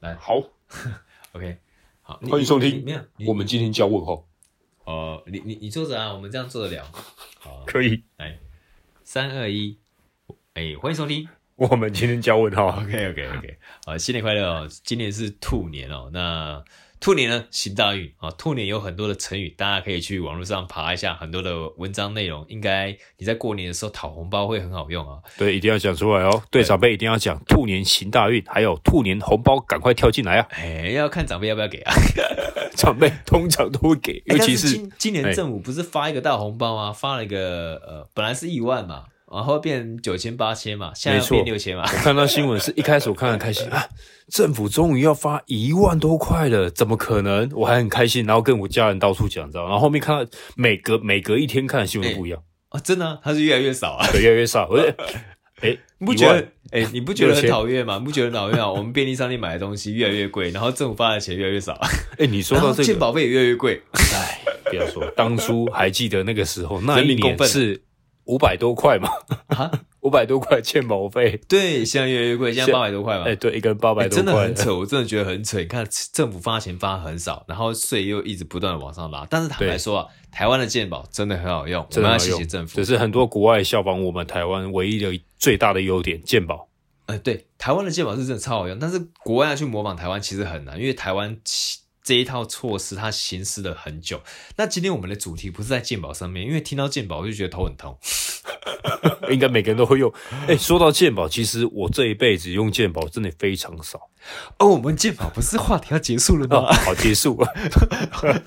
來好 ，OK，好，歡、啊好 3, 2, 欸，歡迎收聽。我們今天加問號。呃，你你你坐着啊，我們這樣坐着聊。好，可以。來，三二一，哎，歡迎收聽。我們今天加問號，OK OK OK。啊，新年快樂哦，今年是兔年哦，那。兔年呢行大運啊！兔年有很多的成語，大家可以去網絡上爬一下，很多的文章內容應該你在過年的時候討紅包會很好用啊。對，一定要講出來哦。對，對長輩一定要講，兔年行大運，還有兔年紅包趕快跳進來啊！哎，要看長輩要不要給啊。 長輩通常都會給，尤其是今、哎、今年政府不是發一個大紅包嗎？發了一個呃，本來是一萬嘛。然後變九千八千嘛，現在要變六千嘛。我看到新聞是一開始我看了開心啊，政府終於要發一萬多塊了，怎麼可能？我還很開心，然後跟我家人到處講，你知道嗎？然後後面看到每隔每隔一天看的新聞都不一樣啊、欸哦，真的、啊，它是越來越少啊，越來越少。哎、 欸，你不覺得哎、欸，你不覺得很討厭嗎？6, 不覺得很討厭啊？我們便利商店買的東西越來越貴， 然後政府發的錢越來越少、啊。哎，你說到這個，健保費也越來越貴。哎，不要說， 當初還記得那個時候，那一年是。五百多塊嘛，啊，五百多塊健保費，對，現在越來越貴，現在八百多塊嘛，哎、欸，對，一個人八百多塊、欸，真的很扯，我真的覺得很扯。你看，政府發錢發很少，然後稅又一直不斷的往上拉，但是坦白說啊，台灣的健保真的，真的很好用，我們要謝謝政府。只是很多國外效仿我們台灣唯一的最大的優點，健保。哎、欸，對，台灣的健保是真的超好用，但是國外要去模仿台灣其實很難，因為台灣其。這一套措施，它實施了很久。那今天我們的主題不是在健保上面，因為聽到健保我就覺得頭很痛。 應該每個人都會用。誒、欸、 說到健保，其實我這一輩子用健保真的非常少。而、哦，我們健保不是話題要結束了嗎？哦、好，結束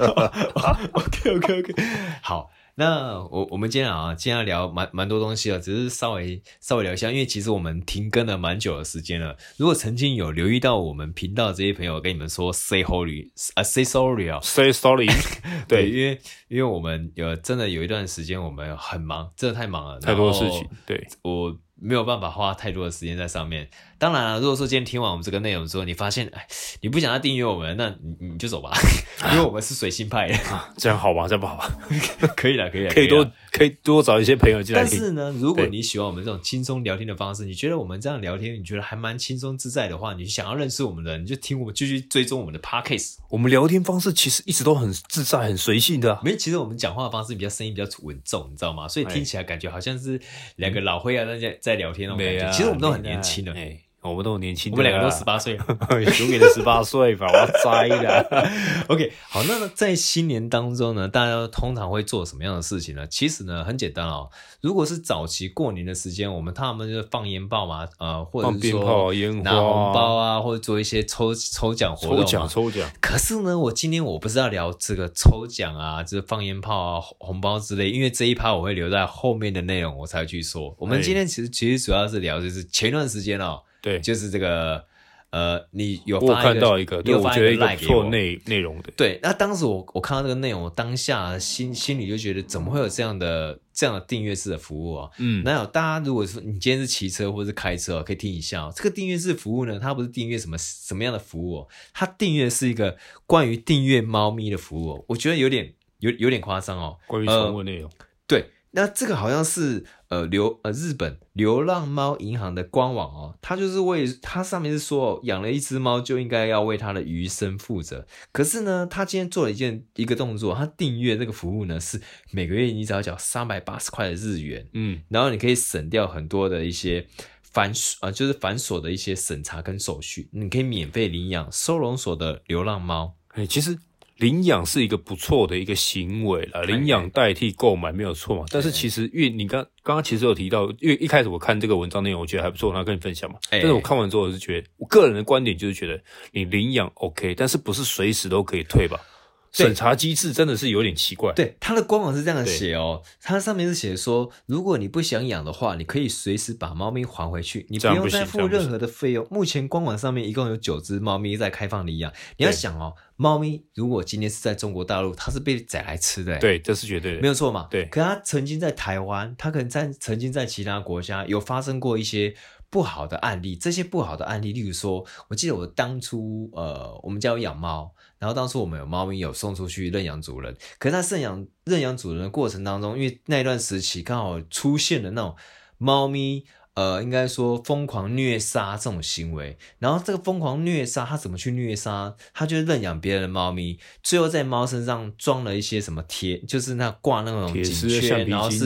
好 OK OK OK，好。那我我們今天啊，今天聊蠻蠻多東西了，只是稍微稍微聊一下，因為其實我們停更了蠻久的時間了。如果曾經有留意到我們頻道這些朋友，跟你們說，say holy，啊，say sorry 啊，say sorry。Sorry, 對， 對，因為因為我們有真的有一段時間我們很忙，真的太忙了，太多事情，對，我沒有辦法花太多的時間在上面。當然了，如果說今天聽完我們這個內容之後，你發現哎，你不想要訂閱我們，那你你就走吧，啊，因為我們是隨性派的，啊。這樣好吧？這樣不好吧？ 可以了，可以啦，可以啦，可以多可以多找一些朋友進來。但是呢，如果你喜歡我們這種輕鬆聊天的方式，你覺得我們這樣聊天，你覺得還蠻輕鬆自在的話，你想要認識我們的，你就聽我們繼續追蹤我們的 Podcast。我們聊天方式其實一直都很自在、很隨性的。沒，其實我們講話的方式比較聲音比較穩重，你知道嗎？所以聽起來感覺好像是兩個老灰啊在、嗯、在聊天那種感覺，啊。其實我們都很年輕的。哎我們都年輕，我們兩個都十八歲，永遠的十八歲吧，我猜的。 OK，好，那在新年當中呢，大家都通常會做什麼樣的事情呢？其實呢，很簡單哦。如果是早期過年的時間，我們他們就放煙炮嘛，呃，或者是說拿紅包啊，包啊或者做一些抽抽獎活動，抽獎抽獎。可是呢，我今天我不是要聊這個抽獎啊，就是放煙炮啊、紅包之類，因為這一趴我會留在後面的內容，我才去說。哎。我們今天其實其實主要是聊，就是前段時間哦。對，就是這個，呃，你有發我有看到一個，有發一個，一個錯內內容的。對，那當時我我看到這個內容，我當下心心裡就覺得怎麼會有這樣的這樣的訂閱式的服務哦。嗯，那有大家如果說你今天是騎車或是開車哦，可以聽一下哦。這個訂閱式服務呢，它不是訂閱什麼什麼樣的服務哦，它訂閱是一個關於訂閱貓咪的服務哦，我覺得有點有有點誇張哦，關於寵物內容。呃那這個好像是呃流呃日本流浪貓銀行的官網哦，它就是為它上面是說養了一隻貓就應該要為它的餘生負責。可是呢，他今天做了一件一個動作，他訂閱這個服務呢，是每個月你只要繳三百八十塊的日元，嗯，然後你可以省掉很多的一些繁瑣啊、呃、就是繁瑣的一些審查跟手續，你可以免費領養收容所的流浪貓，哎，其實。領養是一個不錯的一個行為啊，領養代替購買沒有錯嘛？欸欸但是其實，因為你剛剛剛其實有提到，因為一開始我看這個文章內容，我覺得還不錯，那跟你分享嘛。欸欸但是我看完之後，我是覺得，我個人的觀點就是覺得，你領養 OK，但是不是隨時都可以退吧？審查機制真的是有點奇怪。對，它的官網是這樣寫哦，它上面是寫說，如果你不想養的話，你可以隨時把貓咪還回去，你不用再付任何的費用。目前官網上面一共有九隻貓咪在開放領養。你要想哦，貓咪如果今天是在中國大陸，它是被宰來吃的，對，這是絕對的，沒有錯嘛。對，可它曾經在台灣，它可能在曾經在其他國家有發生過一些不好的案例。這些不好的案例，例如說，我記得我當初呃，我們家有養貓。然後當初我們有貓咪有送出去認養主人，可是它認養認養主人的過程當中，因為那段時期剛好出現了那種貓咪。呃，應該說瘋狂虐殺這種行為，然後這個瘋狂虐殺他怎麼去虐殺？他就是認養別人的貓咪，最後在貓身上裝了一些什麼鐵，就是那掛那種鐵絲圈、啊，然後是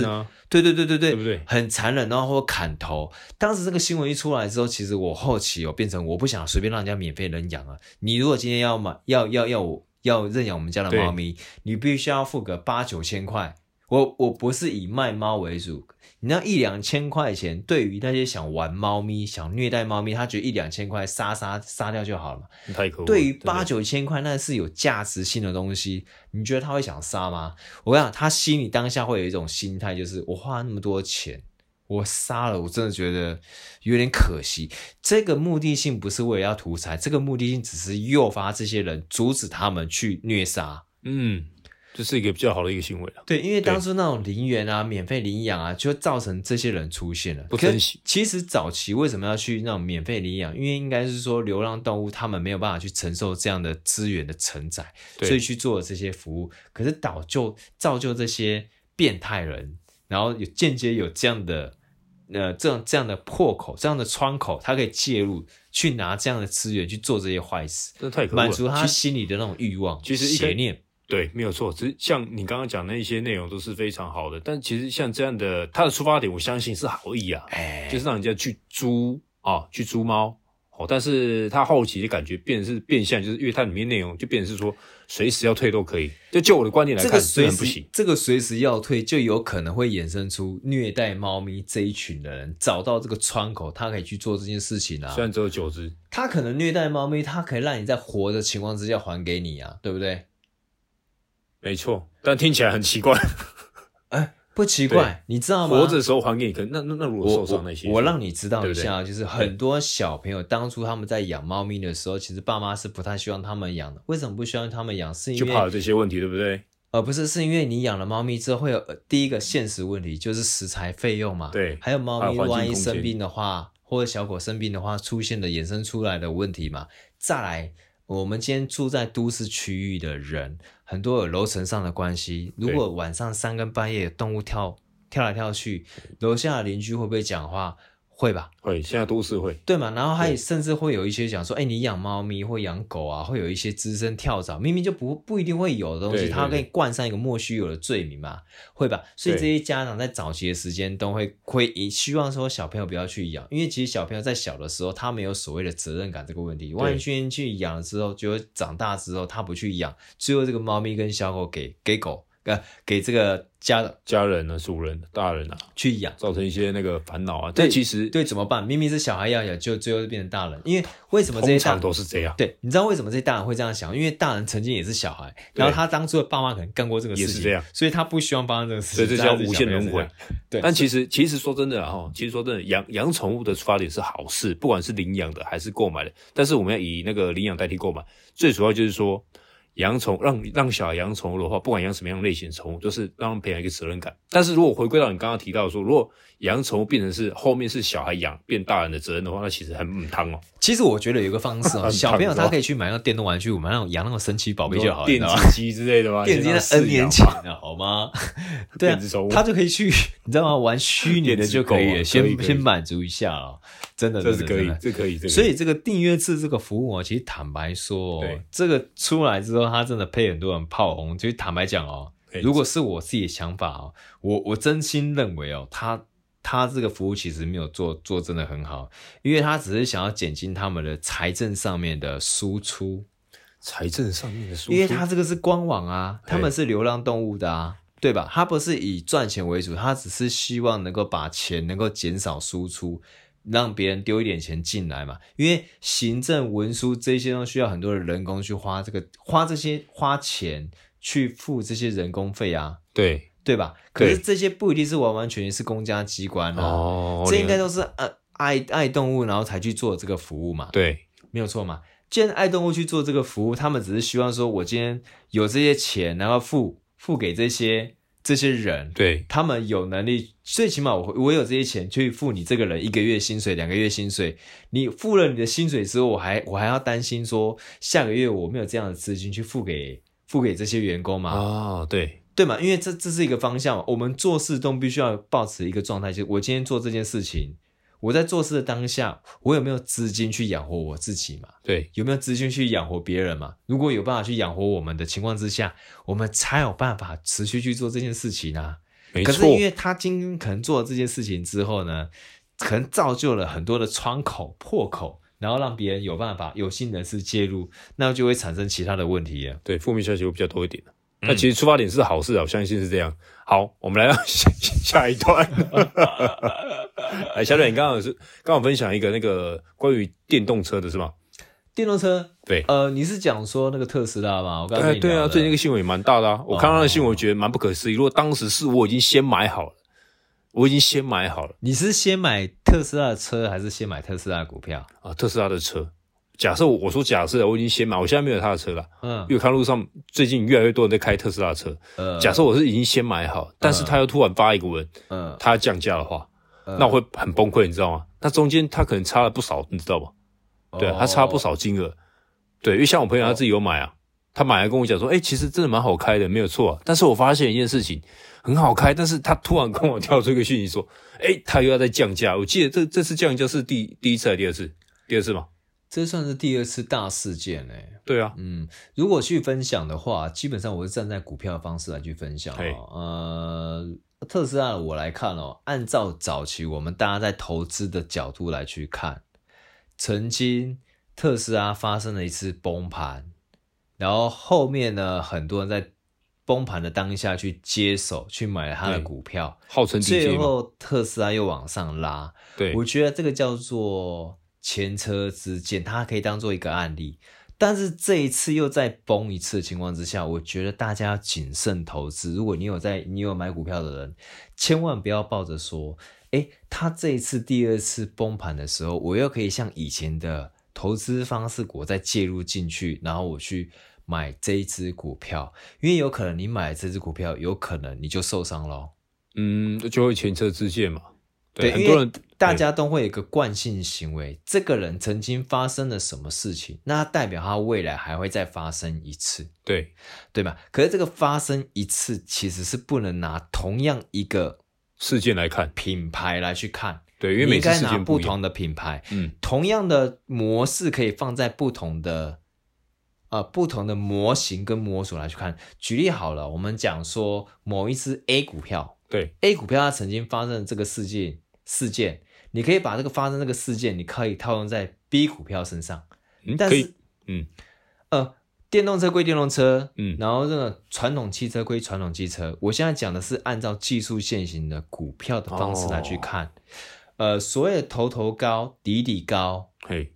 對對對對對，對不對？很殘忍，然後或砍頭。當時這個新聞一出來之後，其實我後期有變成我不想隨便讓人家免費認養了。你如果今天要買，要要要我要認養我們家的貓咪，你必須要付個八九千塊。我我不是以賣貓為主，你那一兩千塊錢，對於那些想玩貓咪、想虐待貓咪，他覺得一兩千塊殺殺殺掉就好了。太可惡了，對於八九千塊，那是有價值性的東西，你覺得他會想殺嗎？我跟你講，他心裡當下會有一種心態，就是我花那麼多錢，我殺了，我真的覺得有點可惜。這個目的性不是為了要圖財，這個目的性只是誘發這些人阻止他們去虐殺。嗯。這、就是一個比較好的一個行為了、啊。對，因為當初那種零元啊、免費領養啊，就造成這些人出現了。不可以。其實早期為什麼要去那種免費領養？因為應該是說流浪動物他們沒有辦法去承受這樣的資源的承載，對，所以去做了這些服務。可是導就造就這些變態人，然後有間接有這樣的呃這樣這樣的破口、這樣的窗口，他可以介入去拿這樣的資源去做這些壞事，可滿足他心裡的那種慾望，嗯、就是邪念。對，沒有錯。只是像你剛剛講那些內容都是非常好的，但其實像這樣的，它的出發點我相信是好意啊，欸、就是讓人家去租啊、哦，去租貓。哦，但是他後期的感覺變成是變相，就是因為它裡面內容就變成是說隨時要退都可以。就就我的觀點來看，雖、這個、然不行。這個隨時要退，就有可能會衍生出虐待貓咪這一群的人找到這個窗口，他可以去做這件事情啊。雖然只有九隻，他可能虐待貓咪，他可以讓你在活的情況之下還給你啊，對不對？沒錯，但聽起來很奇怪。哎、 欸，不奇怪，你知道嗎？活着的時候還給你，可那那那如果受傷那些我，我讓你知道一下對對，就是很多小朋友當初他們在養貓咪的時候，欸、其實爸媽是不太希望他們養的。為什麼不希望他們養？是因為就怕有這些問題，對不對？而不是，是因為你養了貓咪之後會有第一個現實問題，就是食材費用嘛。對，還有貓咪有萬一生病的話，或者小狗生病的話，出現的衍生出來的問題嘛，再來。我們今天住在都市區域的人，很多有樓層上的關係，如果晚上三更半夜有動物跳跳來跳去，樓下的鄰居會不會講話？會吧，會，現在都是會，對嘛？然後還甚至會有一些講說，哎，欸、你養貓咪或養狗啊，會有一些滋生跳蚤，明明就不不一定會有的東西，對對對，他可以冠上一個莫須有的罪名嘛。對對對，會吧？所以這些家長在早期的時間都會會希望說小朋友不要去養，因為其實小朋友在小的時候他沒有所謂的責任感這個問題，完全去養了之後，就長大之後他不去養，最後這個貓咪跟小狗給給狗。呃，給這個家的家人是，啊，主人，大人啊去養，造成一些那個煩惱啊。對，其實對怎麼辦？明明是小孩要養，就最後就變成大人。因為為什麼這些大人都是這樣？對，你知道為什麼這些大人會這樣想？因為大人曾經也是小孩，然後他當初的爸媽可能幹過這個事情，也是這樣，所以他不希望發生這個事。所以他這叫無限輪回。對，但其實其實說真的哈，其實說真的，養養寵物的出發點是好事，不管是領養的還是購買的。但是我們要以那個領養代替購買，最主要就是說。養寵讓讓小孩養寵物的話，不管養什麼樣類型的寵物，就是讓他們培養一個責任感。但是如果回歸到你剛剛提到說，如果養寵物變成是後面是小孩養變大人的責任的話，那其實很很燙哦。其實我覺得有個方式哦、喔，小朋友他可以去買個電動玩具，買那種養那種神奇寶貝就好了，電子雞之類的嗎？電子雞的 N 年前了、啊、 好嗎？對啊，他就可以去，你知道嗎？玩虛擬的就可以、啊，先以以先滿足一下哦、喔。真的這是可以，這可以，這可以。所以這個訂閱制這個服務哦、喔，其實坦白說、喔，這個出來之後，他真的被很多人炮轟。就是坦白講哦、喔，如果是我自己的想法哦、喔，我我真心認為哦、喔，他。他這個服務其實沒有做做真的很好，因為他只是想要減輕他們的財政上面的輸出，財政上面的輸出。因為他這個是官網啊，他們是流浪動物的啊，對吧？他不是以賺錢為主，他只是希望能夠把錢能夠減少輸出，讓別人丟一點錢進來嘛。因為行政文書這些都需要很多的人工去花這個花這些花錢去付這些人工費啊，對。對吧對？可是這些不一定是完完全全是公家機關啊，oh, oh, oh, yeah. 這應該都是呃、啊、愛愛動物，然後才去做這個服務嘛。對，沒有錯嘛。既然愛動物去做這個服務，他們只是希望說，我今天有這些錢，然後付付給這些這些人。對，他們有能力，最起碼我我有這些錢去付你這個人一個月薪水、兩個月薪水。你付了你的薪水之後，我還我還要擔心說，下個月我沒有這樣的資金去付給付給這些員工嘛？哦、oh，對。對嘛，因為這這是一個方向嘛，我們做事都必須要保持一個狀態，就是我今天做這件事情，我在做事的當下，我有沒有資金去養活我自己嘛？對，有沒有資金去養活別人嘛？如果有辦法去養活我們的情況之下，我們才有辦法持續去做這件事情啊。沒錯，可是因為他今天可能做了這件事情之後呢，可能造就了很多的窗口破口，然後讓別人有辦法、有心人士介入，那就會產生其他的問題呀。對，負面消息會比較多一點的。嗯、那其實出發點是好事啊，我相信是這樣。好，我們來到下一下一段。哎， 小磊，你剛剛是剛好分享一個那個關於電動車的是嗎？電動車，對，呃，你是講說那個特斯拉嗎？我剛剛你、哎、對啊，最近那個新聞也蠻大的啊。我看到那個新聞我覺得蠻不可思議、哦。如果當時是我已經先買好了，我已經先買好了。你是先買特斯拉的車還是先買特斯拉的股票？啊，特斯拉的車。假設我我說假設我已經先買，我現在沒有他的車了。嗯，因為看路上最近越來越多人在開特斯拉車。嗯、呃，假設我是已經先買好、呃，但是他又突然發一個文，嗯、呃，他要降價的話、呃，那我會很崩潰，你知道嗎？那中間他可能差了不少，你知道嗎？哦、對、啊，他差不少金額、哦。對，因為像我朋友他自己有買啊，哦、他買來跟我講說，哎、欸，其實真的蠻好開的，沒有錯、啊。但是我發現一件事情，很好開，但是他突然跟我跳出一個訊息說，哎、欸，他又要再降價。我記得這這次降價是第第一次還是第二次？第二次嘛。這算是第二次大事件呢？對啊，嗯，如果去分享的話，基本上我是站在股票的方式來去分享、哦、呃，特斯拉的我來看哦，按照早期我們大家在投資的角度來去看，曾經特斯拉發生了一次崩盤，然後後面呢，很多人在崩盤的當下去接手去買了他的股票，號稱底接嘛，最後特斯拉又往上拉，對，我覺得這個叫做。前車之鑑，它可以當做一個案例，但是這一次又再崩一次的情況之下，我覺得大家要謹慎投資。如果你有在，你有買股票的人，千萬不要抱着說，哎、欸，他這一次第二次崩盤的時候，我又可以像以前的投資方式，我再介入進去，然後我去買這一只股票，因為有可能你買這只股票，有可能你就受傷囉。嗯，就會前車之鑑嘛。對，很多人。大家都會有一個慣性行為，這個人曾經發生了什麼事情，那代表他未來還會再發生一次，對對吧？可是這個發生一次，其實是不能拿同樣一個事件來看，品牌來去看，來看，對，因為每個事件不一樣，應該拿不同的品牌，嗯，同樣的模式可以放在不同的，啊、呃，不同的模型跟模組來去看。舉例好了，我們講說某一隻 A 股票，對 A 股票它曾經發生這個事件，事件。你可以把這個發生這個事件，你可以套用在 B 股票身上，但是，嗯，呃，電動車歸電動車，嗯，然後這個傳統汽車歸傳統汽車。我現在講的是按照技術線型的股票的方式來去看，Oh. 呃，所謂的頭頭高底底高，嘿，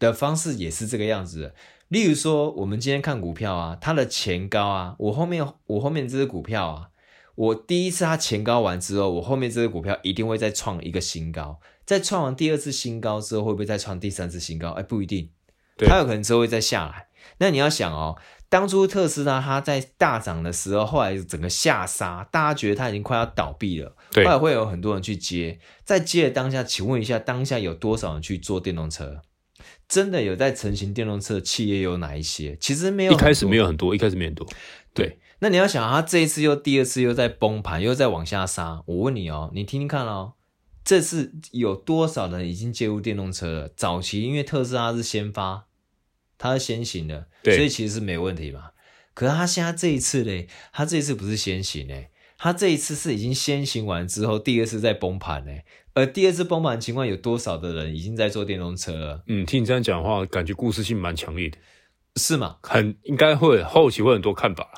的方式也是這個樣子的。Hey. 例如說，我們今天看股票啊，它的前高啊，我後面我後面這只股票啊，我第一次它前高完之後，我後面這只股票一定會再創一個新高。在創完第二次新高之後，會不會再創第三次新高？哎、欸，不一定，它有可能之後會再下來。那你要想哦，當初特斯拉它在大漲的時候，後來整個下殺，大家覺得它已經快要倒閉了，對，後來會有很多人去接。在接的當下，請問一下，當下有多少人去做電動車？真的有在成型電動車企業有哪一些？其實沒有，一開始沒有很多，一開始沒有很多。對，對那你要想啊，他這一次又第二次又在崩盤，又在往下殺。我問你哦，你聽聽看哦。這次有多少人已經介入電動車了？早期因為特斯拉是先發，它是先行的，所以其實是沒問題嘛。可是它現在這一次呢？它這一次不是先行嘞，它這一次是已經先行完之後，第二次再崩盤呢？而第二次崩盤的情況有多少的人已經在做電動車了？嗯，聽你這樣講的話，感覺故事性蠻強烈的，是嗎？很應該會後期會很多看法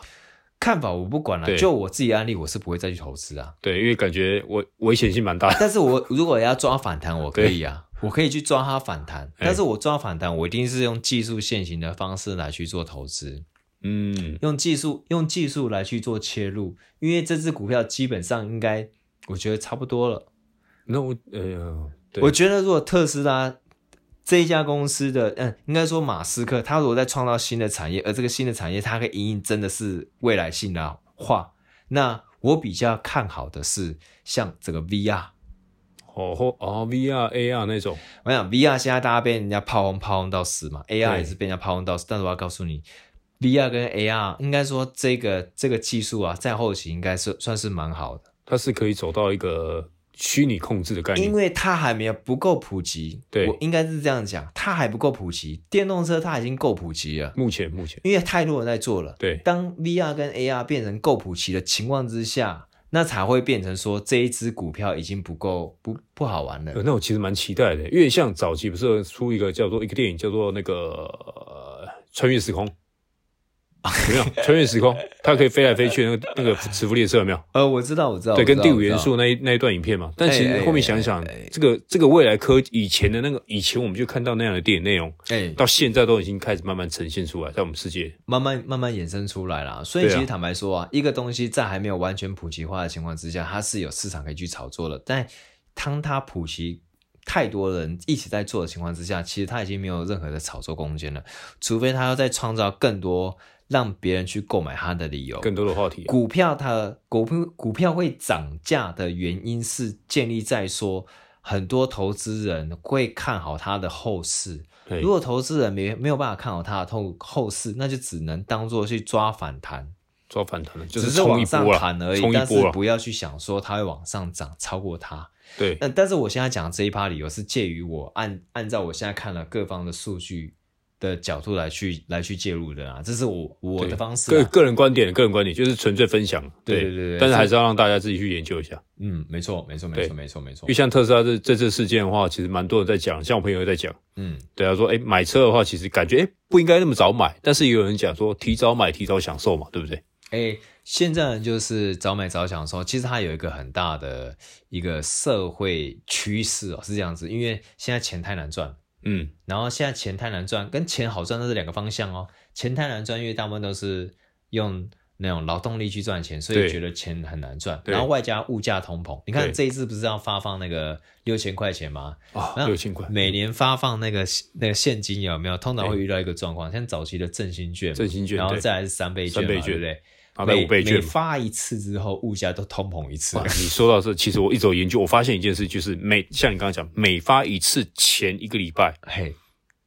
看法我不管了，就我自己案例，我是不會再去投資啊。對，因為感覺我危險性蠻大的。 但是我如果要抓反彈，我可以啊，我可以去抓它反彈。但是我抓反彈、欸，我一定是用技術現行的方式來去做投資。嗯，用技術用技術來去做切入，因為這支股票基本上應該我覺得差不多了。那我呃對，我覺得如果特斯拉。這一家公司的，嗯，應該說馬斯克，他如果在創造新的產業，而這個新的產業它可以營運真的是未來性的話，那我比較看好的是像這個 VR，哦哦，VR、AR 那種。我想 VR 現在大家被人家炮轟炮轟到死嘛，AR 也是被人家炮轟到死。但是我要告訴你，VR 跟 AR 應該說這個這個技術啊，在後期應該是算是蠻好的，它是可以走到一個。虛擬控制的概念，因為它還沒有不夠普及，對，我應該是這樣講，它還不夠普及。電動車它已經夠普及了，目前目前，因為太多人在做了。對，當 VR 跟 AR 變成夠普及的情況之下，那才會變成說這一支股票已經不夠不不，不好玩了。呃，那我其實蠻期待的，因為像早期不是出一個叫做一個電影叫做那個穿越、呃、時空。 有沒有穿越時空，它可以飛來飛去那個 那個磁浮列車有沒有？呃，我知道，我知道，對，跟第五元素那一那一段影片嘛。但其實後面想想，欸欸欸、這個這個未來科以前的那個以前我們就看到那樣的電影內容，哎、欸，到現在都已經開始慢慢呈現出來，在我們世界慢慢慢慢衍生出來了。所以其實坦白說啊，啊，一個東西在還沒有完全普及化的情況之下，它是有市場可以去炒作的。但當它普及太多人一起在做的情況之下，其實它已經沒有任何的炒作空間了，除非它要再創造更多。讓別人去購買它的理由，更多的話題啊。股票它股票股票會漲價的原因是建立在說很多投資人會看好它的後市。如果投資人沒沒有辦法看好它的後後市，那就只能當做去抓反彈，抓反彈，就是，只是往上彈而已。但是不要去想說它會往上漲超過它。對，但、呃、但是我現在講的這一趴理由是介於我按按照我現在看了各方的數據。的角度來去來去介入的啊，這是我我的方式、啊，個個人觀點，個人觀點就是純粹分享，對對對，對，對。但是還是要讓大家自己去研究一下。嗯，沒錯，沒錯，沒錯，沒錯，沒錯。因為像特斯拉這、嗯、這次事件的話，其實蠻多人在講，像我朋友在講，嗯，對啊，他說誒買車的話，其實感覺誒不應該那麼早買，但是也有人講說提早買、嗯、提早享受嘛，對不對？誒，現在就是早買早享受，其實它有一個很大的一個社會趨勢哦，是這樣子，因為現在錢太難賺。嗯，然後現在錢太難賺，跟錢好賺都是兩個方向哦。錢太難賺，因為大部分都是用那種勞動力去賺錢，所以覺得錢很難賺。對，然後外加物價通膨，你看這一次不是要發放那個六千塊錢嗎？啊，六千塊。每年發放那個那個現金有沒有？通常會遇到一個狀況，像早期的振興券，振興券，然後再來是三倍券嘛，三倍券，對不對？好的每每發一次之後，物價都通膨一次。你說到這，其實我一直有研究，我發現一件事，就是每 像你剛才講，每發一次前一個禮拜，嘿，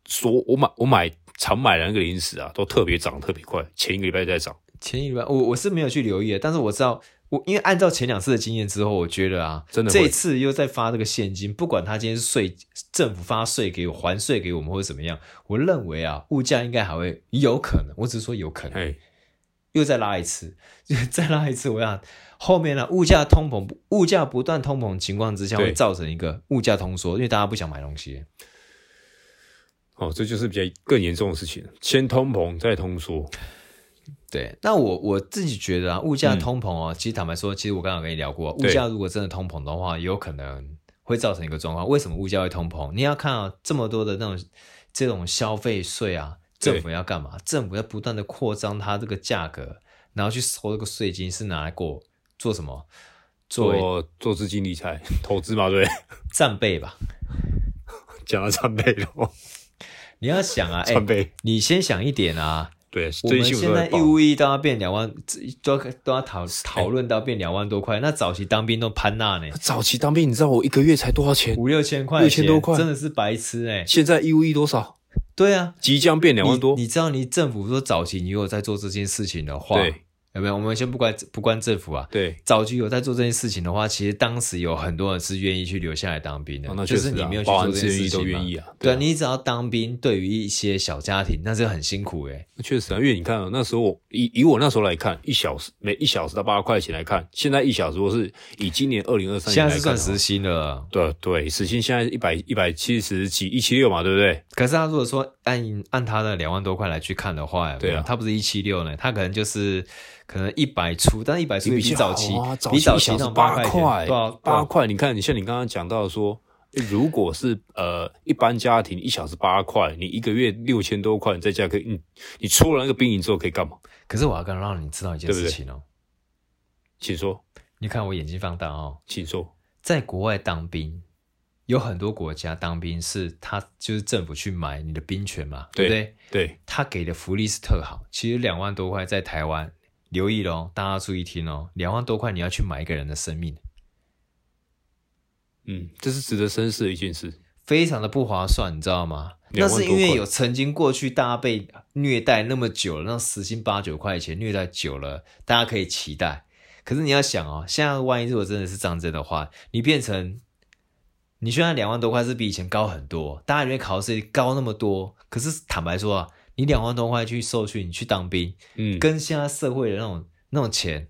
所我買我買常買的那個零食啊，都特別漲，特別快。前一個禮拜就在漲，前一個禮拜我我是沒有去留意的，但是我知道，我因為按照前兩次的經驗之後，我覺得啊，真的這次又在發這個現金，不管他今天稅政府發稅給我，還稅給我們或者怎麼樣，我認為啊，物價應該還會有可能，我只是說有可能。又再拉一次，再拉一次我，我想後面呢、啊，物價通膨，物價不斷通膨的情況之下，會造成一個物價通縮，因為大家不想買東西。哦，這就是比較更嚴重的事情，先通膨再通縮。對，那我我自己覺得啊，物價通膨哦、喔嗯，其實坦白說，其實我剛剛跟你聊過，物價如果真的通膨的話，有可能會造成一個狀況。為什麼物價會通膨？你要看啊，這麼多的那種這種消費稅啊。政府要幹嘛？政府要不斷的擴張它這個價格，然後去收這個稅金，是拿來過做什麼？做做資金理財、投資嘛，對不對？戰備吧，講到戰備了。你要想啊，戰備、欸，你先想一點啊。對，我們現在義務役都要變兩萬，都都要討討論到變兩萬多塊、欸。那早期當兵都攀娜呢？早期當兵，你知道我一個月才多少錢？五六千塊，六千多塊，真的是白痴哎、欸。現在義務役多少？對啊，即將變兩萬多。你，你知道，你政府說早期你有在做這件事情的話，對。有沒有？我們先不關不關政府啊？對，早期有在做這件事情的話，其實當時有很多人是願意去留下來當兵的。啊、那確實、啊就是、你沒有去做這件事情件事都願意啊。對,啊對你只要當兵，對於一些小家庭，那是很辛苦誒、欸、確、啊、實啊，因為你看啊，那時候以以我那時候來看，一小時每一小時到八塊錢來看，現在一小時我是以今年二零二三年來看現在是算時薪的、啊。對對，時薪現在是一百一百七十七一七六嘛，對不對？可是他如果說按按他的兩萬多塊來去看的話，對啊，他不是一七六呢，他可能就是。可能一百出，但一百出比早期，比，比、啊、早期是八塊，八塊，塊、啊、塊。你看，你像你剛剛講到說，如果是呃 一般家庭一小時八塊，你一個月六千多塊，你在家可以，你、嗯、你出了那個兵營之後可以幹嘛？可是我要跟讓你知道一件事情哦對對，請說。你看我眼睛放大哦，請說。在國外當兵，有很多國家當兵是他就是政府去買你的兵權嘛，對不對？對，他給的福利是特好。其實兩萬多塊在台灣。留意嘍，大家注意聽哦。兩萬多塊，你要去買一個人的生命，嗯，這是值得深思的一件事，非常的不划算，你知道嗎？那是因為有曾經過去大家被虐待那麼久了，那時薪八九塊錢虐待久了，大家可以期待。可是你要想哦，現在萬一如果真的是這樣子的話，你變成，你現在兩萬多塊是比以前高很多，大家以為考試高那麼多，可是坦白說啊。你兩萬多塊去受訓，你去當兵，嗯，跟現在社會的那種那種錢，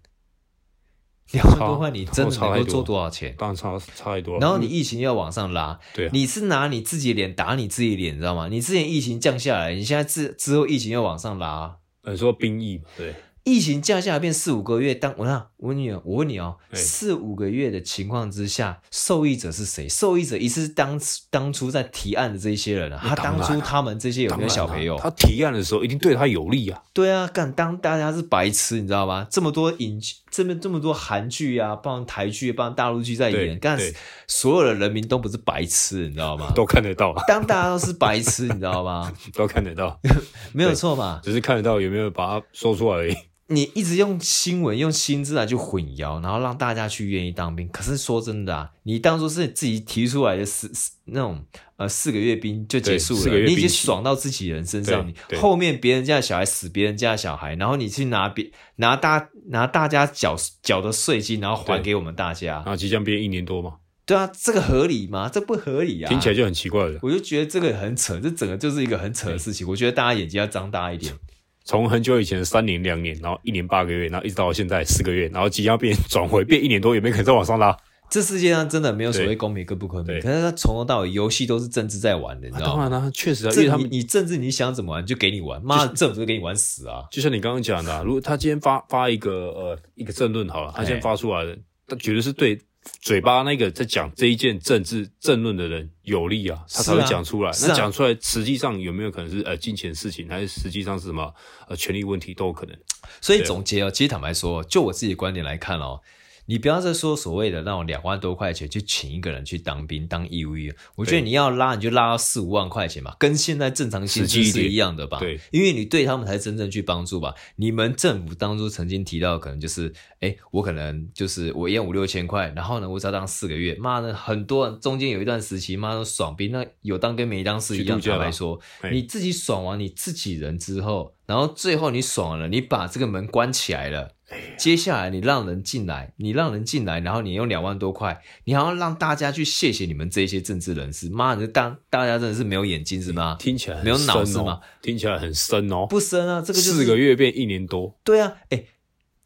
兩萬多塊你真的能夠做多少錢？當然差差,差很多。然後你疫情要往上拉，對、嗯，你是拿你自己的臉打你自己的臉，啊、你知道嗎？你之前疫情降下來，你現在之之後疫情要往上拉，你說兵役，對。疫情降下來變四五個月，當我那我女兒，我問你哦、喔欸，四五個月的情況之下，受益者是誰？受益者一定是當當初在提案的這一些人啊，他當初他們這些有沒有小朋友、啊啊，他提案的時候一定對他有利啊。對啊，幹，當大家是白痴，你知道嗎？這麼多影，這麼這麼多韓劇啊，幫台劇幫大陸劇在演，但所有的人民都不是白痴，你知道嗎？都看得到。當大家都是白痴，你知道嗎？都看得到， 沒有錯吧，只是看得到有沒有把他說出來而已。你一直用新聞、用薪資來去混淆，然後讓大家去願意當兵。可是說真的啊，你當初是你自己提出來的四四那種呃四個月兵就結束了一，你已經爽到自己人身上。你後面別人家的小孩死，別人家的小孩，然後你去拿別拿大拿大家繳繳的稅金，然後還給我們大家啊，那即將變一年多嘛？對啊，這個合理嗎？這不合理啊！聽起來就很奇怪了。我就覺得這個很扯，這整個就是一個很扯的事情。我覺得大家眼睛要張大一點。 從很久以前三年兩年，然後一年八個月，然後一直到現在四個月，然後即將變轉回變一年多，也沒可能再往上拉。 這世界上真的沒有所謂公平跟不公平，對對，可是他從頭到尾遊戲都是政治在玩的，你知道嗎、啊？當然啦、啊，確實啊你，因為他們你政治你想怎麼玩就給你玩，媽的政府就給你玩死啊！就像你剛剛講的、啊，如果他今天發發一個呃一個政論好了，他先發出來的，他覺得是對。對嘴巴那個在講這一件政治政論的人有利啊，啊，他才會講出來。啊、那講出來，實際上有沒有可能是呃金錢事情、啊，還是實際上是什麼呃權力問題都有可能。所以總結啊、哦，其實坦白說，就我自己的觀點來看哦。你不要再說所謂的那種兩萬多塊錢就請一個人去當兵、當義務兵，我覺得你要拉你就拉到四五萬塊錢吧，跟現在正常時期是一樣的吧，對？對，因為你對他們才真正去幫助吧。你們政府當初曾經提到，可能就是哎、欸，我可能就是我要五六千塊，然後呢，我只要當四個月。媽的，很多中間有一段時期，媽的爽兵，那有當跟沒當是一樣。他來說，你自己爽完你自己人之後，然後最後你爽了，你把這個門關起來了。接下來你讓人進來，你讓人進來，然後你用兩萬多塊，你還要讓大家去謝謝你們這些政治人士，媽的，你當大家真的是沒有眼睛是嗎？聽起來很深，哦、沒有腦子嗎？聽起來很深哦。不深啊，這個就是四個月變一年多。對啊，哎，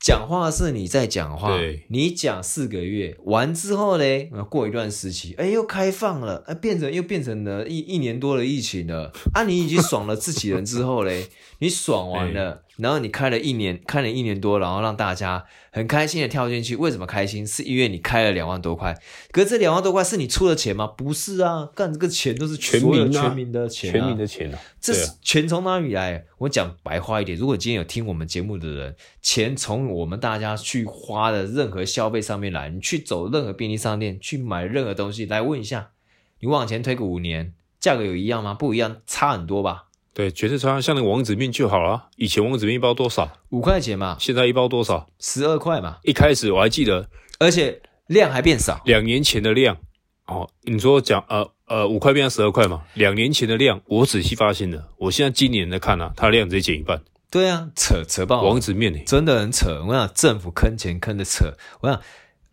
講話是你在講話，對你講四個月完之後嘞，過一段時期，哎，又開放了，哎、呃，變成又變成了一一年多的疫情了，啊，你已經爽了自己人之後嘞， 你爽完了。然後你開了一年，開了一年多，然後讓大家很開心的跳進去。為什麼開心？是因為你開了兩萬多塊。可是這兩萬多塊是你出的錢嗎？不是啊，幹，這個錢都是全民啊，全民的錢啊，全民的錢，全民的錢。這是錢從哪裡來？我講白話一點，如果今天有聽我們節目的人，錢從我們大家去花的任何消費上面來，你去走任何便利商店去買任何東西，來問一下，你往前推個五年，價格有一樣嗎？不一樣，差很多吧。對，角色穿像那個王子麵就好了。以前王子麵包多少？五塊錢嘛。現在一包多少？十二塊嘛。一開始我還記得，而且量還變少。兩年前的量，哦，你說講呃呃五塊變成十二塊嘛？兩年前的量，我仔細發現了。我現在今年的看啊，它量直接減一半。對啊，扯扯爆。王子麵呢，真的很扯。我想政府坑錢坑的扯。我想。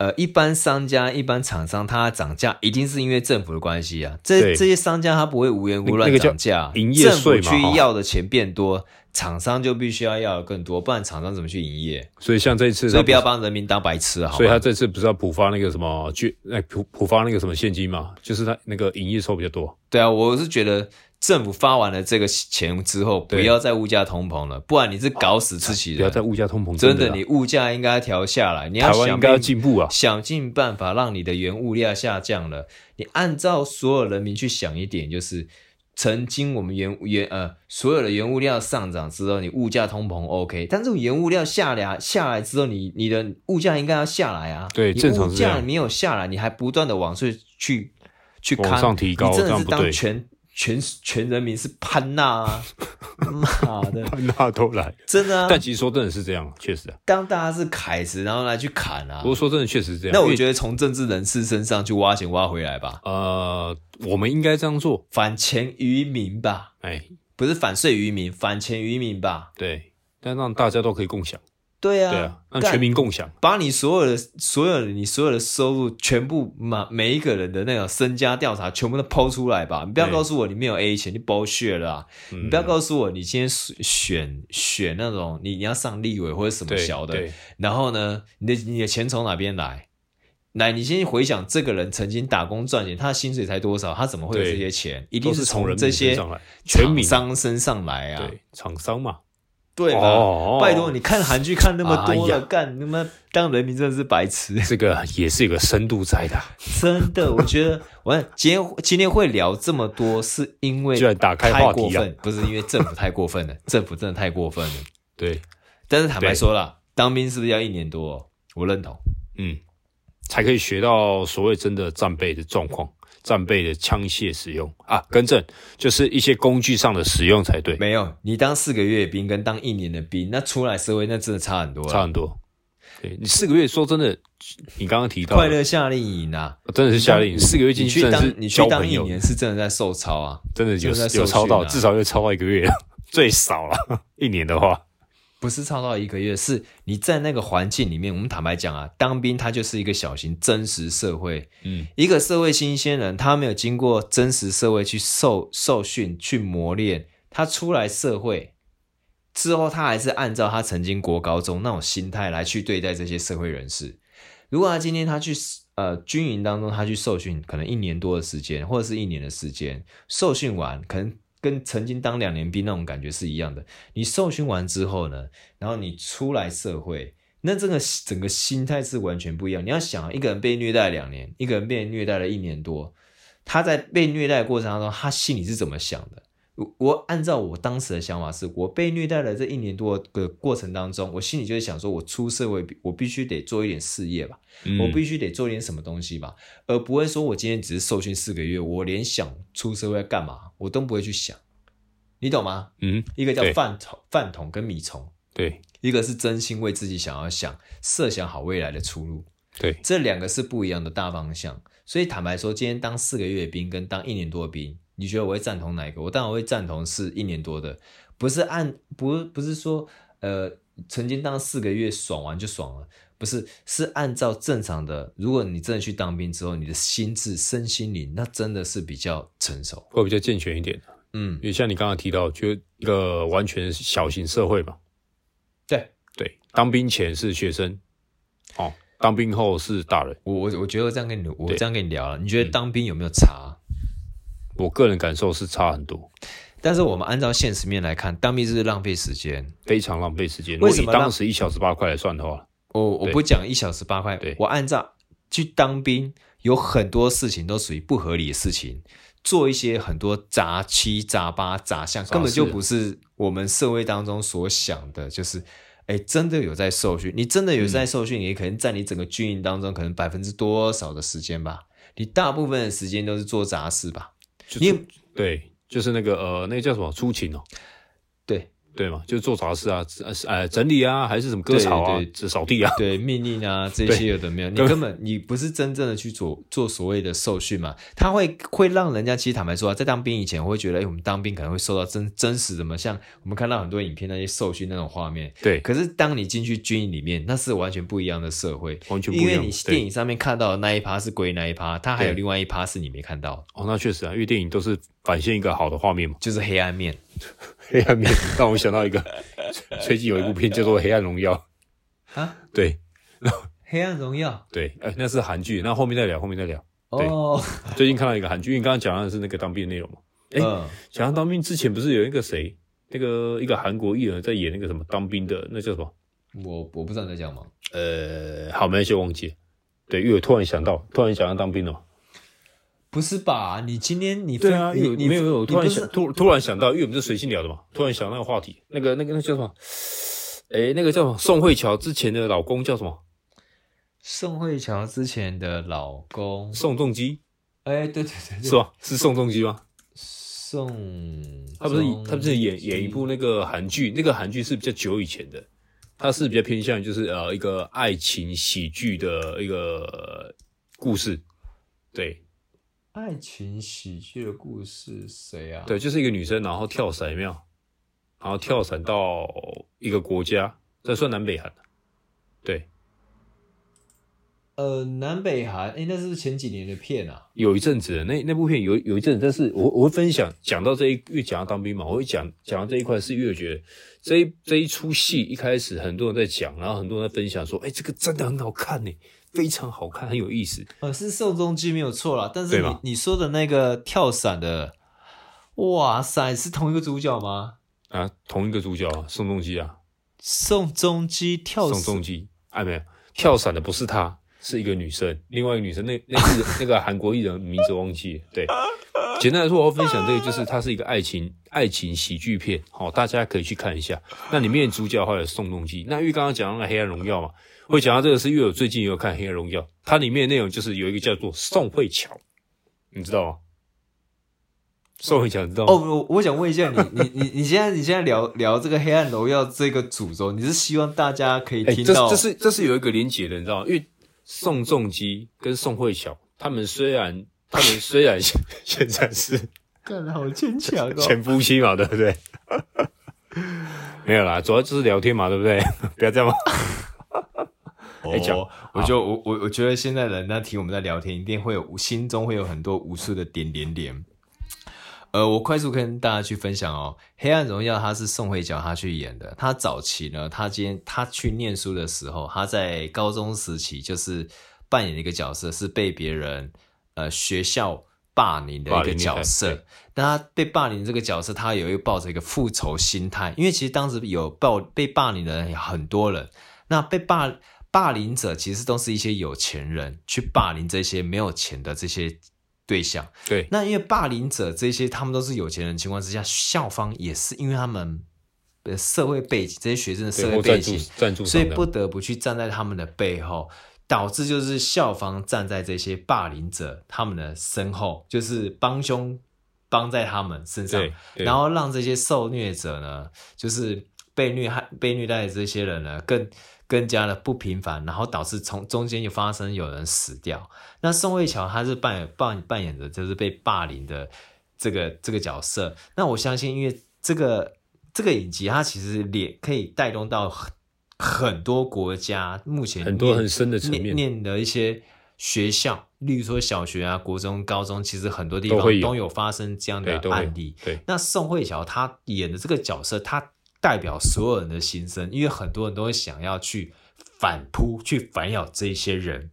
呃，一般商家、一般廠商，他漲價一定是因為政府的關係啊。這這些商家他不會無緣無故亂漲價。那個、營業稅政府去要的錢變多、哦，廠商就必須要要的更多，不然廠商怎麼去營業？所以像這一次，所以不要幫人民當白痴，好。所以他這次不是要補發那個什麼，去哎補補發那個什麼現金嘛？就是他那個營業稅比較多。對啊，我是覺得。政府發完了這個錢之後，不要再物價通膨了，不然你是搞死自己的、啊。不要再物價通膨，真的，真的啊、你物價應該要調下來。你要想，台灣應該要進步啊！想盡辦法讓你的原物料下降了。你按照所有人民去想一點，就是曾經我們原原呃所有的原物料上漲之後，你物價通膨 OK，但是原物料下來下來之後，你你的物價應該要下來啊。對，正常是這樣，物價沒有下來，你還不斷的往上去去,去看往上提高，真的是當權。全全人民是潘娜啊，媽 的、嗯啊，潘娜都來，真的、啊。但其實說真的是這樣，確實、啊。當大家是凱子，然後來去砍啊。不過說真的，確實是這樣。那我覺得從政治人士身上去挖錢挖回來吧。呃，我們應該這樣做，反錢於民吧。哎，不是反稅於民，反錢於民吧。對，但讓大家都可以共享。對啊，讓、啊、全民共享，把你所有的、所有的、你所有的收入全部嘛，每一個人的那個身家調查全部都拋出來吧。你不要告訴我你沒有 A 錢就包血了、啊嗯，你不要告訴我你今天選選那種你你要上立委或者什麼小的對，對，然後呢，你的你的錢從哪邊來？來，你先回想這個人曾經打工賺錢，他的薪水才多少，他怎麼會有這些錢？一定是從這些廠商，廠商身上來啊，廠商嘛。對吧 oh, oh. 拜託你看韓劇看那麼多了，幹那麼當人民真的是白痴。這個也是一個深度宅的， 真的，我覺得我今天今天會聊這麼多，是因為打開太過分話題，不是因為政府太過分了， 政府真的太過分了。對，但是坦白說啦，當兵是不是要一年多？哦？我認同，嗯。才可以學到所謂真的戰備的狀況，戰備的槍械使用啊。更正，就是一些工具上的使用才對。沒有，你當四個月兵跟當一年的兵，那出來社會那真的差很多了。差很多，對，你四個月說真的，你剛剛提到快樂夏令營啊，哦、真的是夏令營，你四個月進去當，你去當一年是真的在受操啊，真的有是是有操到，啊、至少要操到一個月了，最少了，一年的話。不是超到一個月，是你在那個環境裡面。我們坦白講啊，當兵他就是一個小型真實社會。嗯，一個社會新鮮人，他沒有經過真實社會去受受訓、去磨練，他出來社會之後，他還是按照他曾經國高中那種心態來去對待這些社會人士。如果他今天他去呃軍營當中，他去受訓，可能一年多的時間，或者是一年的時間，受訓完可能。跟曾經當兩年兵那種感覺是一樣的。你受訓完之後呢，然後你出來社會，那這個整個心態是完全不一樣。你要想，一個人被虐待兩年，一個人被虐待了一年多，他在被虐待的過程當中，他心裡是怎麼想的？我按照我當時的想法是，我被虐待了這一年多的過程當中，我心裡就會想說，我出社會，我必須得做一點事業吧，嗯、我必須得做一點什麼東西吧，而不會說我今天只是受訓四個月，我連想出社會要幹嘛我都不會去想，你懂嗎？嗯，一個叫飯桶、飯、欸、桶跟米蟲，對、欸，一個是真心為自己想要想設想好未來的出路，對，這兩個是不一樣的大方向，所以坦白說，今天當四個月的兵跟當一年多的兵，你覺得我會贊同哪一個？我當然會贊同是一年多的，不是按不不是說呃曾經當四個月爽完就爽了，不是是按照正常的。如果你真的去當兵之後，你的心智、身心靈，那真的是比較成熟，會比較健全一點。嗯，也像你剛剛提到，就一個完全小型社會嘛。對對，當兵前是學生，哦，當兵後是大人。我我我覺得我這樣跟你我這樣跟你聊，你覺得當兵有沒有差？我個人感受是差很多，但是我們按照現實面來看，當兵就是浪費時間，非常浪費時間。為什麼？如果當時一小時八塊來算的話，我、哦、我不講一小時八塊，我按照去當兵有很多事情都屬於不合理的事情，做一些很多雜七雜八雜項，根本就不是我們社會當中所想的，就是哎、欸，真的有在受訓，你真的有在受訓，嗯、你也可能在你整個軍營當中可能百分之多少的時間吧，你大部分的時間都是做雜事吧。你就是對，就是那個呃，那個叫什麼？出勤哦，對。對嘛，就是做雜事啊，呃，整理啊，還是什麼割草啊，掃地啊對，對，命令啊，這些有的沒有。你根本 你不是真正的去做做所謂的受訓嘛，他會會讓人家其實坦白說啊，在當兵以前，我會覺得哎、欸，我們當兵可能會受到真真實的嘛，像我們看到很多影片那些受訓那種畫面。對。可是當你進去軍營裡面，那是完全不一樣的社會，完全不一樣的。因為你電影上面看到的那一趴是歸那一趴，他還有另外一趴是你沒看到。哦，那確實啊，因為電影都是展現一個好的畫面嘛，就是黑暗面。 黑暗面讓我想到一個，最近有一部片叫做《黑暗榮耀》啊，對，黑暗榮耀， 對、哎，那是韓劇。那後面再聊，後面再聊。對，哦、最近看到一個韓劇，因為剛剛講到的是那個當兵的內容嘛。哎，嗯、講到當兵之前，不是有一個誰，那個一個韓國藝人，在演那個什麼當兵的，那叫什麼？我我不知道在講嗎？呃，好，沒有久忘記。對，因為我突然想到，突然想到當兵了。不是吧？你今天你對啊，有沒有突然想突突然想到，因為我們是隨性聊的嘛，突然想到那個話題， 那個那個那叫什麼？哎，那個叫什麼？宋慧喬之前的老公叫什麼？宋慧喬之前的老公宋仲基。哎，對，對對對，是吧？是宋仲基嗎？宋，他不是他不是演演一部那個韓劇，那個韓劇是比較久以前的，他是比較偏向就是呃一個愛情喜劇的一個故事，對。愛情喜劇的故事誰啊？對，就是一個女生，然後跳傘有沒有，然後跳傘到一個國家，這算南北韓，對。呃，南北韓，哎、欸，那是，不是前幾年的片啊？有一陣子的，那那部片有有一陣子，但是我我會分享，講到這一越講到當兵嘛，我會講講到這一塊，是越覺得這一這一出戲一,一開始很多人在講，然後很多人在分享說，哎、欸，這個真的很好看呢。非常好看，很有意思。呃、哦，是宋仲基沒有錯啦，但是你你說的那個跳傘的，哇塞，是同一個主角嗎？啊，同一個主角，啊，宋仲基啊。宋仲基跳傘，宋仲基，哎、啊，沒有，跳傘的不是他，嗯，是一個女生，另外一個女生，那那是那個韓國藝人，名字忘記， 對。簡單來說，我要分享這個就是它是一個愛情愛情喜劇片，好、哦，大家可以去看一下。那裡面的主角還有宋仲基。那因為剛剛講到了《黑暗榮耀》嘛，會講到這個是因為我最近有看《黑暗榮耀》，它裡面內容就是有一個叫做宋慧喬，你知道嗎？宋慧喬你知道嗎哦。我我想問一下你，你你你現在你現在聊 聊這個《黑暗榮耀》這個主軸，你是希望大家可以聽到？這、欸，這是這是，這是有一個連結的，你知道嗎？因為宋仲基跟宋慧喬他們雖然。他們雖然現現在是幹的好牽強哦，前夫妻嘛，對不對？ 沒有啦，主要就是聊天嘛，對不對？ 不要這樣嘛、 hey oh。我就我我我覺得現在人家聽我們在聊天，一定會有心中會有很多無數的點點點。呃，我快速跟大家去分享哦，《黑暗榮耀》他是宋慧喬他去演的。他早期呢，他今天他去念書的時候，他在高中時期就是扮演的一個角色是被別人。呃，學校霸凌的一個角色，那他被霸凌這個角色，他有一個抱着一個復仇心態，因為其實當時有暴被霸凌的人很多人，那被霸霸凌者其實都是一些有錢人去霸凌這些沒有錢的這些對象。對，那因為霸凌者這些他們都是有錢人情況之下，校方也是因為他們的社會背景，這些學生的社會背景，贊助，所以不得不去站在他們的背後。導致就是校方站在這些霸凌者他們的身後，就是幫兇，幫在他們身上，然後讓這些受虐者呢，就是被虐害、被虐待的這些人呢，更更加的不平凡，然後導致從中間又發生有人死掉。那宋慧喬她是扮扮、嗯、扮演的就是被霸凌的這個這個角色，那我相信因為這個這個影集它其實連可以帶動到。很多國家目前很多很深的層面的一些學校，例如說小學啊、國中、高中，其實很多地方都有發生這樣的案例。對，對。那宋慧喬她演的這個角色，她代表所有人的心聲，因為很多人都會想要去反撲、去反咬這些人。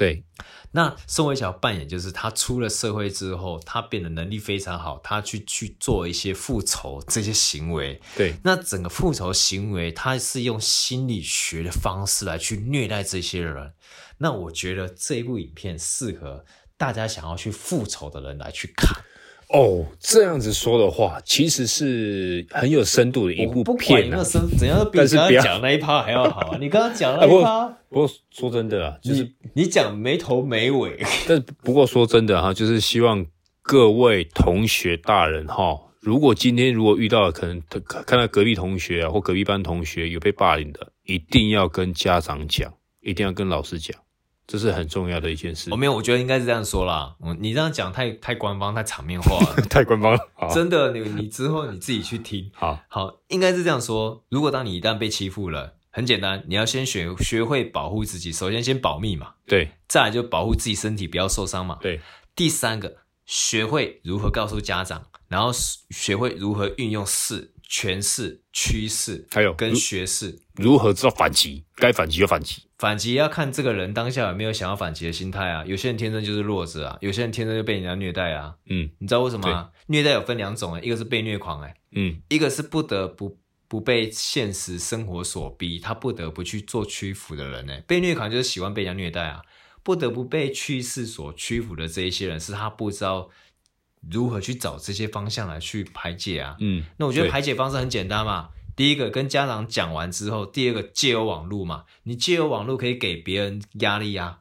對，那宋慧喬扮演就是他出了社會之後，他變得能力非常好，他去去做一些復仇這些行為。對，那整個復仇行為，他是用心理學的方式來去虐待這些人。那我覺得這部影片適合大家想要去復仇的人來去看。哦，這樣子說的話，其實是很有深度的一部片啊。不管那個深怎樣，但是比講那一趴還要好。啊。 你剛剛講那一趴、哎，不過說真的啊，就是你講沒頭沒尾。 但不過說真的哈、啊，就是希望各位同學大人哈、哦，如果今天如果遇到的可能看到隔壁同學、啊、或隔壁班同學有被霸凌的，一定要跟家長講，一定要跟老師講。這是很重要的一件事。我、哦、沒有，我覺得應該是這樣說啦。你這樣講太太官方、太場面化了， 太官方了。真的，你你之後你自己去聽。好，好，應該是這樣說。如果當你一旦被欺負了，很簡單，你要先學學會保護自己。首先先保密嘛。對。再來就保護自己身體不要受傷嘛。對。第三個，學會如何告訴家長，然後學會如何運用勢、權勢、趨勢，還有跟學識如何知道反擊，該反擊就反擊。反擊要看這個人當下有沒有想要反擊的心態啊。有些人天生就是弱者啊，有些人天生就被人家虐待啊。嗯，你知道為什麼嗎？虐待有分兩種、欸，啊，一個是被虐狂、欸，哎，嗯，一個是不得不不被現實生活所逼，他不得不去做屈服的人呢、欸。被虐狂就是喜歡被人家虐待啊，不得不被趨勢所屈服的這一些人，是他不知道如何去找這些方向來去排解啊。嗯，那我覺得排解方式很簡單嘛。嗯第一個跟家長講完之後，第二個借由網絡嘛，你借由網絡可以給別人壓力呀、啊，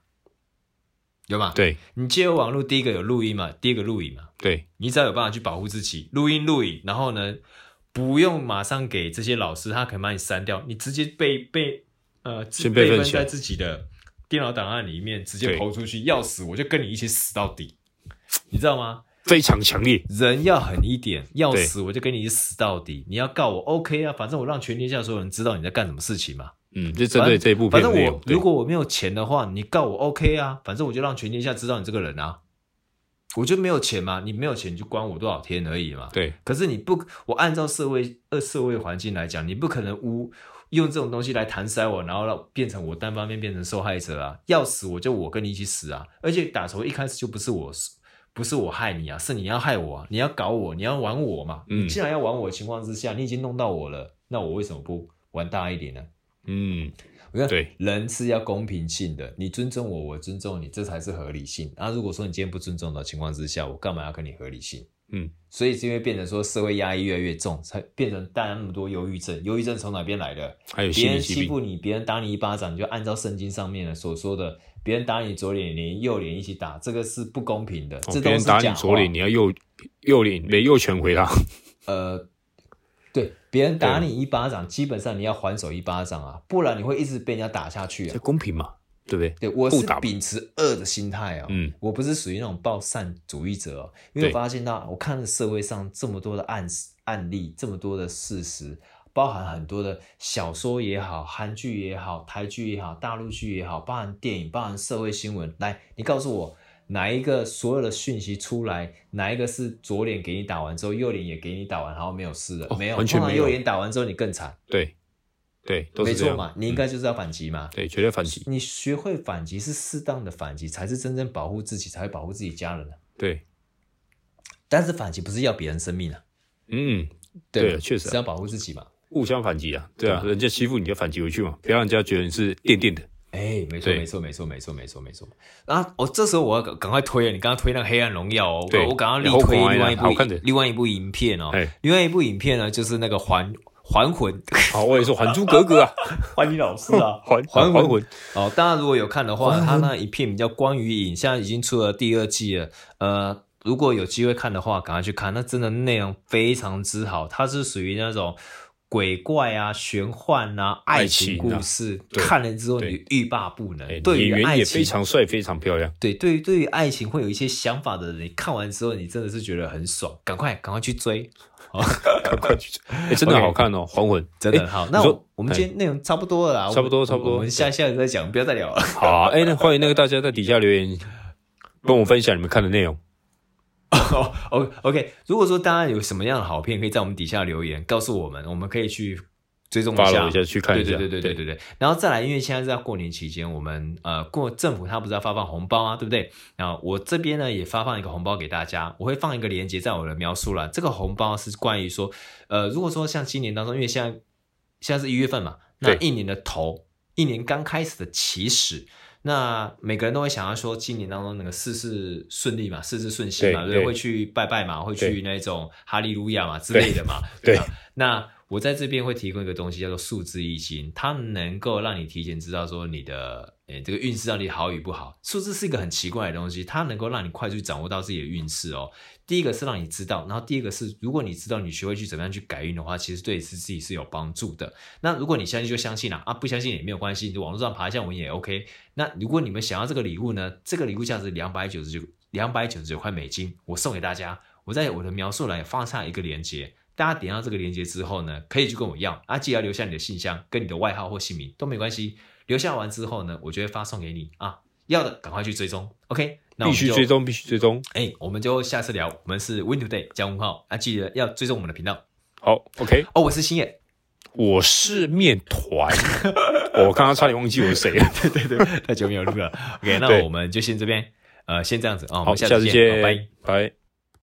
有吧，對，你借由網絡，第一個有錄音嘛，第二個錄影嘛，對你只要有辦法去保護自己，錄音錄影，然後呢，不用馬上給這些老師，他可以把你刪掉，你直接被被呃備份在自己的電腦檔案裡面，直接投出去，要死我就跟你一起死到底，你知道嗎？非常強烈，人要狠一點，要死我就跟你死到底。你要告我，OK 啊，反正我讓全天下所有人知道你在幹什麼事情嘛。嗯，就針對這一部分，反正我如果我沒有錢的話，你告我 OK 啊，反正我就讓全天下知道你這個人啊。我就沒有錢嘛，你沒有錢你就關我多少天而已嘛。對，可是你不，我按照社會呃社會環境來講，你不可能污用這種東西來搪塞我，然後讓變成我單方面變成受害者啊。要死我就我跟你一起死啊，而且打從一開始就不是我。不是我害你啊，是你要害我，啊，你要搞我，你要玩我嘛？嗯、你既然要玩我的情況之下，你已經弄到我了，那我為什麼不玩大一點呢？嗯，我看對人是要公平性的，你尊重我，我尊重你，這才是合理性。那、啊、如果說你今天不尊重的情況之下，我幹嘛要跟你合理性？嗯，所以是因為變成說社會壓抑越來越重，才變成大家那麼多憂鬱症。憂鬱症從哪邊來的？還有別人欺負你，別人打你一巴掌，你就按照聖經上面的所說的，別人打你左臉連右臉一起打，這個是不公平的。哦、這都是假話。別人打你左臉，你要右右臉，連右拳回他。呃，對，別人打你一巴掌，基本上你要還手一巴掌啊，不然你會一直被人家打下去啊。這公平嗎？對不對？對，我是秉持惡的心態哦。嗯，我不是屬於那種暴善主義者哦。因為我發現到，我看了社會上這麼多的案案例，這麼多的事實，包含很多的小說也好、韓劇也好、台劇也好、大陸劇也好，包含電影、包含社會新聞。來，你告訴我，哪一個所有的訊息出來，哪一個是左臉給你打完之後，右臉也給你打完，然後沒有事的？哦，沒有，完全沒有。通常右臉打完之後，你更慘。對。對，沒錯嘛、嗯，你應該就是要反擊嘛，對，絕對反擊。你學會反擊是適當的反擊，才是真正保護自己，才會保護自己家人、啊、對，但是反擊不是要別人生命啊。嗯，對，確實、啊、是要保護自己嘛，互相反擊啊，對啊，對人家欺負你就反擊回去嘛，不要讓人家覺得你是墊墊的。哎、欸，沒錯，沒錯，沒錯，沒錯，沒錯，沒、啊、錯。那、哦、我這時候我要趕快推啊，你剛剛推那個《黑暗榮耀》哦，對我趕快力推另外一部，另外一部影片哦，另外一部影片呢就是那個環《環、嗯》。還魂，好，我也是《還珠格格》啊，歡 迎老師啊，還還魂哦。大家如果有看的話，它那一片名叫《光與影》，現在已經出了第二季了。呃，如果有機會看的話，趕快去看，那真的內容非常之好。它是屬於那種鬼怪啊、玄幻啊、愛情故事。啊、看了之後你欲罷不能。演員也非常帥，非常漂亮。對，對於對於愛情會有一些想法的人，你看完之後你真的是覺得很爽，趕快趕快去追。快 快去！欸、真的好看哦、喔，okay，《黃昏》真的、欸、好。那我們我們今天內容差不多了啦，差不多差不多，我們下下次再講，不要再聊了。好、啊，哎、欸，那歡迎那個大家在底下留言，幫我分享你們看的內容。哦，OK，如果說大家有什麼樣的好片，可以在我們底下留言告訴我們，我們可以去。追蹤一下，一下去看一下對對對對對對對，對然後再來，因為現在是在過年期間，我們呃過政府他不是要發放紅包啊，對不對？然後我這邊呢也發放一個紅包給大家，我會放一個連接在我的描述欄。這個紅包是關於說，呃，如果說像今年當中，因為現在現在是一月份嘛，那一年的頭，一年剛開始的起始，那每個人都會想要說今年當中那個事事順利嘛，事事順心嘛，對，對不對對會去拜拜嘛，會去那種哈利路亞嘛之類的嘛，對，對對對那。我在這邊會提供一個東西，叫做數字易經，它能夠讓你提前知道說你的，誒、欸，這個運勢到底好與不好。數字是一個很奇怪的東西，它能夠讓你快速掌握到自己的運勢哦。第一個是讓你知道，然後第二個是，如果你知道，你學會去怎麼樣去改運的話，其實對你自己是有幫助的。那如果你相信就相信啦、啊，啊，不相信也沒有關係，你網絡上爬一下我也 OK。那如果你們想要這個禮物呢，這個禮物價值兩百九十九，兩百九十九塊美金，我送給大家，我在我的描述欄也放上一個連結。大家點到這個鏈接之後呢，可以去跟我要。阿、啊、記得要留下你的信箱、跟你的外號或姓名都沒關係。留下完之後呢，我就會發送給你。啊，要的趕快去追蹤。OK，那我們就必須追蹤，必須追蹤。哎、欸，我們就下次聊。我們是我們今天加問號。阿、啊、記得要追蹤我們的頻道。好、oh,，OK。哦，我是星野，我是麵團。 oh, 我剛剛差點忘記我是誰了。 對對對，太久沒有錄了。 OK，那我們就先這邊，呃，先這樣子啊、哦。好，我們下，下次見。拜、哦、拜。